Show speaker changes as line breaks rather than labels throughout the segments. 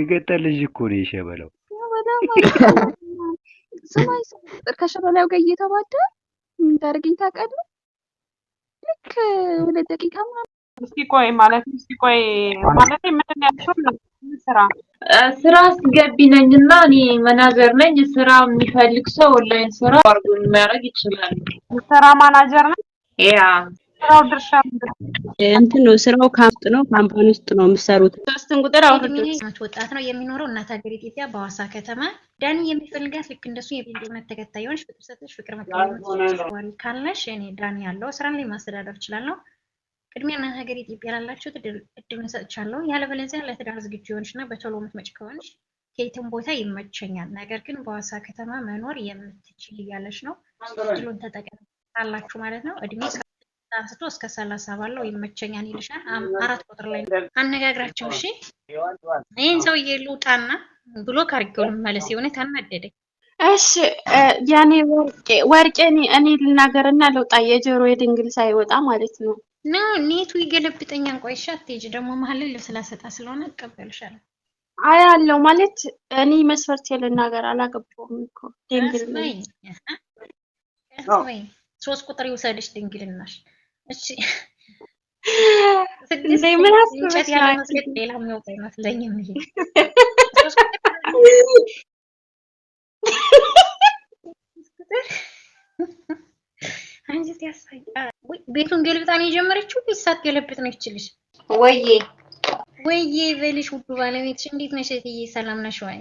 የገጠር ልጅ እኮ ነው የሸበለው።
ስማኝ ከሸበላው ጋር እየተባደ እንዳርግኝ ታውቃለህ። ልክ ሁለት ደቂቃ
እስኪ ቆይ ማለት እስኪ ቆይ ማለት ምንድን ያልሽው ስራ
ስራ አስገቢ ነኝ እና እኔ መናጀር ነኝ። ስራ የሚፈልግ ሰው ኦንላይን ስራ አርጎ የሚያደርግ ይችላል።
ስራ ማናጀር ነኝ ያ ስራው ድርሻ
እንትን ነው። ስራው ካምፕ ነው፣ ካምፓኒ ውስጥ ነው
ሶስትን ቁጥር ወጣት
ነው የሚኖረው እናት ሀገር ኢትዮጵያ በሐዋሳ ከተማ። ዳኒ የሚፈልጋት ልክ እንደሱ የቤንጤ እምነት ተከታይ ሆነሽ ፍቅር ሰጥሽ ፍቅር ካለሽ እኔ ዳኒ ያለው ስራ ላይ ማስተዳደር እችላለሁ። ቅድሚያ እናት ሀገር ኢትዮጵያ ላላችሁት እድል ያለበለዚያ ለትዳር ዝግጁ የሆንሽ እና በቶሎ ከሆንሽ ከየትም ቦታ ይመቸኛል። ነገር ግን በሐዋሳ ከተማ መኖር የምትችል እያለች ነው። እድሉን ተጠቀም ማለት ነው። እድሜ አንስቶ እስከ ሰላሳ ባለው ይመቸኛል ይልሻል። አራት ቁጥር ላይ አነጋግራቸው። እሺ ይህን ሰውዬ ልውጣና ብሎ ካርጌው ልመለስ። የእውነት ታናደደ።
እሺ ያኔ ወርቄ ወርቄ እኔ ልናገርና ልውጣ። የጆሮ የድንግል ሳይወጣ ማለት ነው።
ነው ኔቱ ይገለብጠኛን ቆይሻ እሺ አትሄጂ ደግሞ መሀል ላይ ልብስ ላሰጣ ስለሆነ እቀበልሻለሁ።
አይ አለው ማለት እኔ መስፈርት ልናገር አላገባሁም እኮ ድንግል
ሶስት ቁጥር ይውሰድሽ ድንግልናሽ እሺ ቤቱን ገልብጣ ነው የጀመረችው ወይስ ሳትገለብጥ ነው ይችልሽ? ወይዬ ወይዬ በልሽ። ውዱ ባለቤትሽ እንዴት ነሽ ሰላም ነሽ ወይ?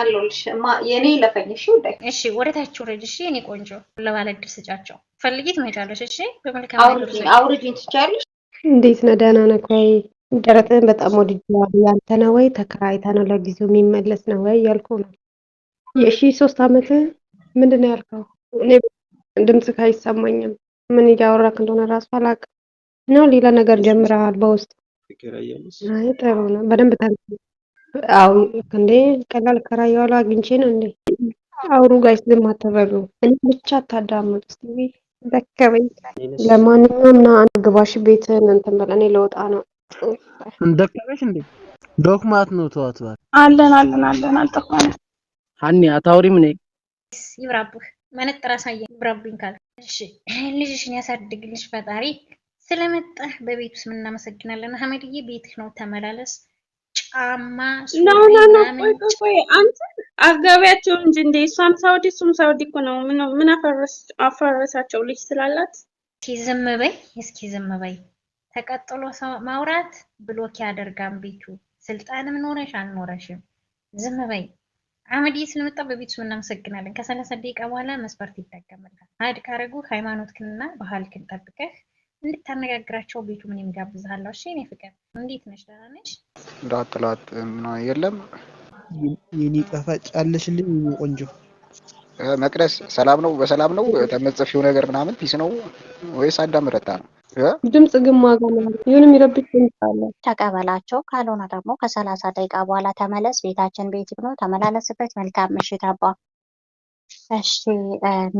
አለሁልሽ እማ የኔ ለፈኝ። እሺ ውዳይ፣
እሺ ወደ ታች ውረድ። እሺ የኔ ቆንጆ ለባለ ዕድል ስጫቸው ፈልጊ ትመጫለሽ። እሺ በመልካም
አውርጂኝ። ትቻለሽ።
እንዴት ነው ደህና ነህ ወይ? በጣም ወድጄዋለሁ። ያንተ ነው ወይ? ተከራይታ ነው ለጊዜው የሚመለስ ነው ወይ ያልኩ ነው። የሺ ሶስት አመት ምንድን ነው ያልከው? እኔ ድምፅ አይሰማኝም። ምን እያወራክ እንደሆነ ራሱ አላውቅም። ነው ሌላ ነገር ጀምረሃል በውስጥ? ጥሩ ነው። በደንብ ተ አዎ እንዴ ቀላል ከራ የዋሉ አግኝቼ ነው እንዴ? አውሩ ጋይስ፣ ዝም አትበሉ። እኔ ብቻ አታዳምጡ ስሚ ደከበኝ። ለማንኛውም ና ግባሽ ቤትን እንትን በል፣ እኔ ለወጣ ነው።
እንደከበሽ እንዴ? ዶክማት ነው ተዋት። ባል
አለን አለን አለን አልጠፋን።
ሀኒ አታውሪም ነኝ
ይብራብህ መነጥር አሳየ ይብራብኝ ካል እሺ፣ ልጅሽን ያሳድግልሽ ፈጣሪ። ስለመጣህ በቤት ውስጥ እናመሰግናለን። ሀመድዬ ቤትህ ነው ተመላለስ። ጫማ
ነው ነው ነው። ቆይ ቆይ አንተ አጋቢያቸው እንጂ እንደ እሷም ሳውዲ እሱም ሳውዲ እኮ ነው። ምን አፈረሳቸው? ልጅ ስላላት እስኪ
ዝም በይ፣ እስኪ ዝም በይ። ተቀጥሎ ማውራት ብሎክ ያደርጋም ቤቱ። ስልጣንም ኖረሽ አልኖረሽም ዝም በይ። አመድ ስለመጣ በቤቱ እናመሰግናለን። ከሰላሳ ደቂቃ በኋላ መስፈርት ይደገምላል። ሀድ ካረጉ ሃይማኖትክንና ባህልክን ጠብቀህ እንድታነጋግራቸው ቤቱ ምን ይጋብዝሃለሁ። እሺ፣ እኔ ፍቅር እንዴት ነሽ? ደህና ነሽ?
ላጥ ላጥ ምናምን የለም።
የኔ ጣፋጭ አለሽልኝ የኔ ቆንጆ
መቅደስ፣ ሰላም ነው? በሰላም ነው? ተመጽፊው ነገር ምናምን ፒስ ነው ወይስ አዳም ረታ ነው?
ድምጽ ግን ዋጋ ነው። ይሁን የሚረብሽ ድምጽ
ተቀበላቸው፣ ካልሆነ ደግሞ ከሰላሳ ደቂቃ በኋላ ተመለስ። ቤታችን ቤት ነው፣ ተመላለስበት። መልካም ምሽት አባ። እሺ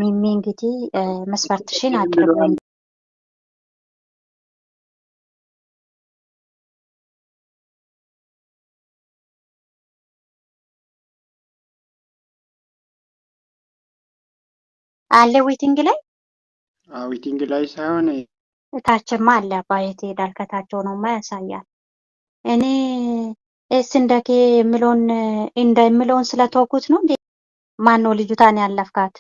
ሚሚ፣ እንግዲህ መስፈርትሽን አቅርበን
አለ ዊቲንግ ላይ
ዊቲንግ ላይ ሳይሆን
እታችማ አለ ባየት ይሄዳል። ከታቸው ነው ማ ያሳያል። እኔ እስ እንደኬ የምለውን እንደ የምለውን ስለተወኩት ነው እንዴ? ማን ነው ልጅቷን ያለፍካት?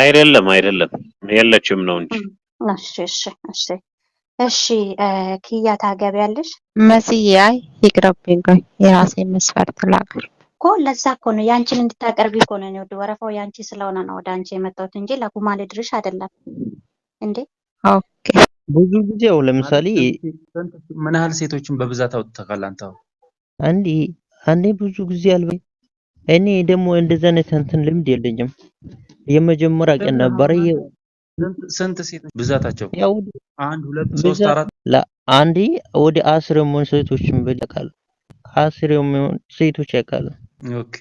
አይደለም አይደለም፣ የለችም ነው እንጂ።
እሺ እሺ እሺ እሺ ኪያ ታገቢያለሽ?
መስያይ ይቅረብኝ፣ ቆይ የራሴ መስፈርት ላቅርብ
እኮ ለዛ እኮ ነው ያንቺን እንድታቀርቢ እኮ ነው ወደ ወረፋው ያንቺ ስለሆነ ነው ወደ አንቺ የመጣሁት እንጂ ለጉማሌ ድርሽ አይደለም እንዴ።
ኦኬ ብዙ ጊዜ ያው ለምሳሌ
ምን ያህል ሴቶችን በብዛት አውጥተካል አንተ?
አንዴ አንዴ ብዙ ጊዜ አልበ እኔ ደግሞ እንደዛ አይነት እንትን ልምድ የለኝም። የመጀመሪያ ቀን ነበረ።
ስንት ሴቶች ብዛታቸው? ያው አንድ ሁለት ሶስት አራት
ለአንዴ ወደ አስር የሚሆን ሴቶችን በል ያውቃሉ። አስር የሚሆን ሴቶች ያውቃሉ።
ኦኬ።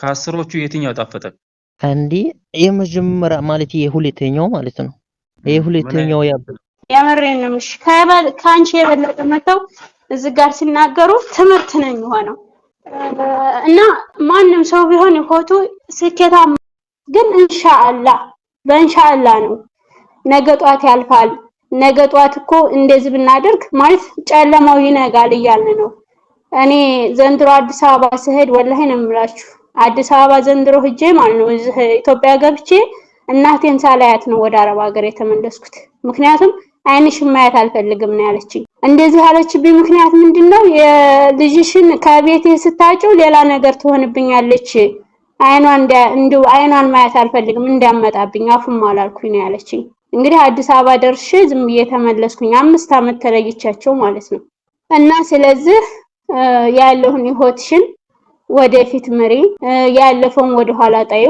ከአስሮቹ የትኛው ጣፈጠ?
እንዲ የመጀመሪያ ማለት የሁለተኛው ማለት ነው። የሁለተኛው ያ
የምሬን ነው። እሺ ከአንቺ የበለጠ መተው እዚህ ጋር ሲናገሩ ትምህርት ነኝ የሆነው እና ማንም ሰው ቢሆን ይፎቱ ስኬታማ ግን እንሻአላ በእንሻአላ ነው። ነገ ጧት ያልፋል። ነገ ጧት እኮ እንደዚህ ብናደርግ ማለት ጨለማው ይነጋል እያልን ነው እኔ ዘንድሮ አዲስ አበባ ስሄድ ወላሂ ነው የምላችሁ አዲስ አበባ ዘንድሮ ህጄ ማለት ነው እዚህ ኢትዮጵያ ገብቼ እናቴን ሳላያት ነው ወደ አረብ ሀገር የተመለስኩት። ምክንያቱም አይንሽን ማየት አልፈልግም ነው ያለችኝ። እንደዚህ ያለችብኝ ምክንያት ምንድን ነው? የልጅሽን ከቤቴ ስታጭው ሌላ ነገር ትሆንብኛለች፣ ዓይኗን እንዲሁ አይኗን ማየት አልፈልግም እንዳመጣብኝ አፉም አላልኩኝ ነው ያለችኝ። እንግዲህ አዲስ አበባ ደርሼ ዝም ብዬ ተመለስኩኝ። አምስት ዓመት ተለይቻቸው ማለት ነው እና ስለዚህ ያለውን ህይወትሽን ወደፊት ምሪ፣ ያለፈውን ወደኋላ ጣዩ።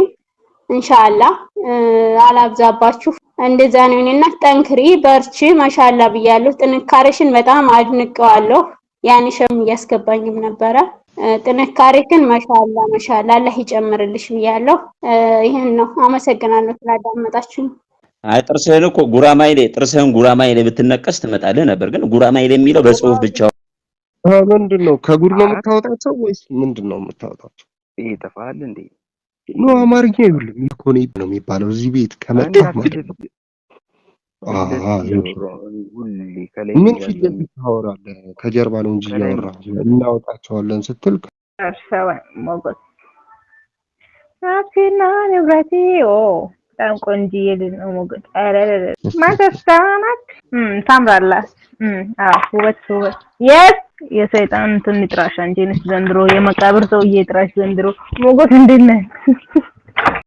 እንሻላ አላብዛባችሁ። እንደዛ ነው እኔና፣ ጠንክሪ፣ በርቺ። ማሻላ ብያለሁ። ጥንካሬሽን በጣም አድንቀዋለሁ። ያኔ ሸም እያስገባኝም ነበረ። ጥንካሬሽን ማሻላ ማሻላ አላህ ይጨምርልሽ ብያለሁ። ይሄን ነው። አመሰግናለሁ ስላዳመጣችሁኝ።
አይ ጥርስህን እኮ ጉራማይሌ ጥርስህን ጉራማይሌ ብትነቀስ ትመጣልህ ነበር፣ ግን ጉራማይሌ የሚለው በጽሁፍ ብቻ
ምንድን ነው ከጉድ ነው የምታወጣቸው ወይስ ምንድን ነው የምታወጣቸው?
ይሄ ተፋል እንዴ
ኖ አማርኛ ይሁልም ኢኮኔ ነው የሚባለው እዚህ ቤት ከመጣ ማለት ምን ፊት ለፊት ታወራለህ? ከጀርባ ነው እንጂ እያወራ እናወጣቸዋለን ስትል
ሀብቴና ንብረቴ በጣም ቆንጅዬ ልጅ ነው ሞገስ። ማተስታናት ታምራላ ውበት ውበት የስ የሰይጣን እንትን ይጥራሽ አንቺንስ ዘንድሮ የመቃብር ሰውዬ ይጥራሽ ዘንድሮ ሞጎት እንዴት ነህ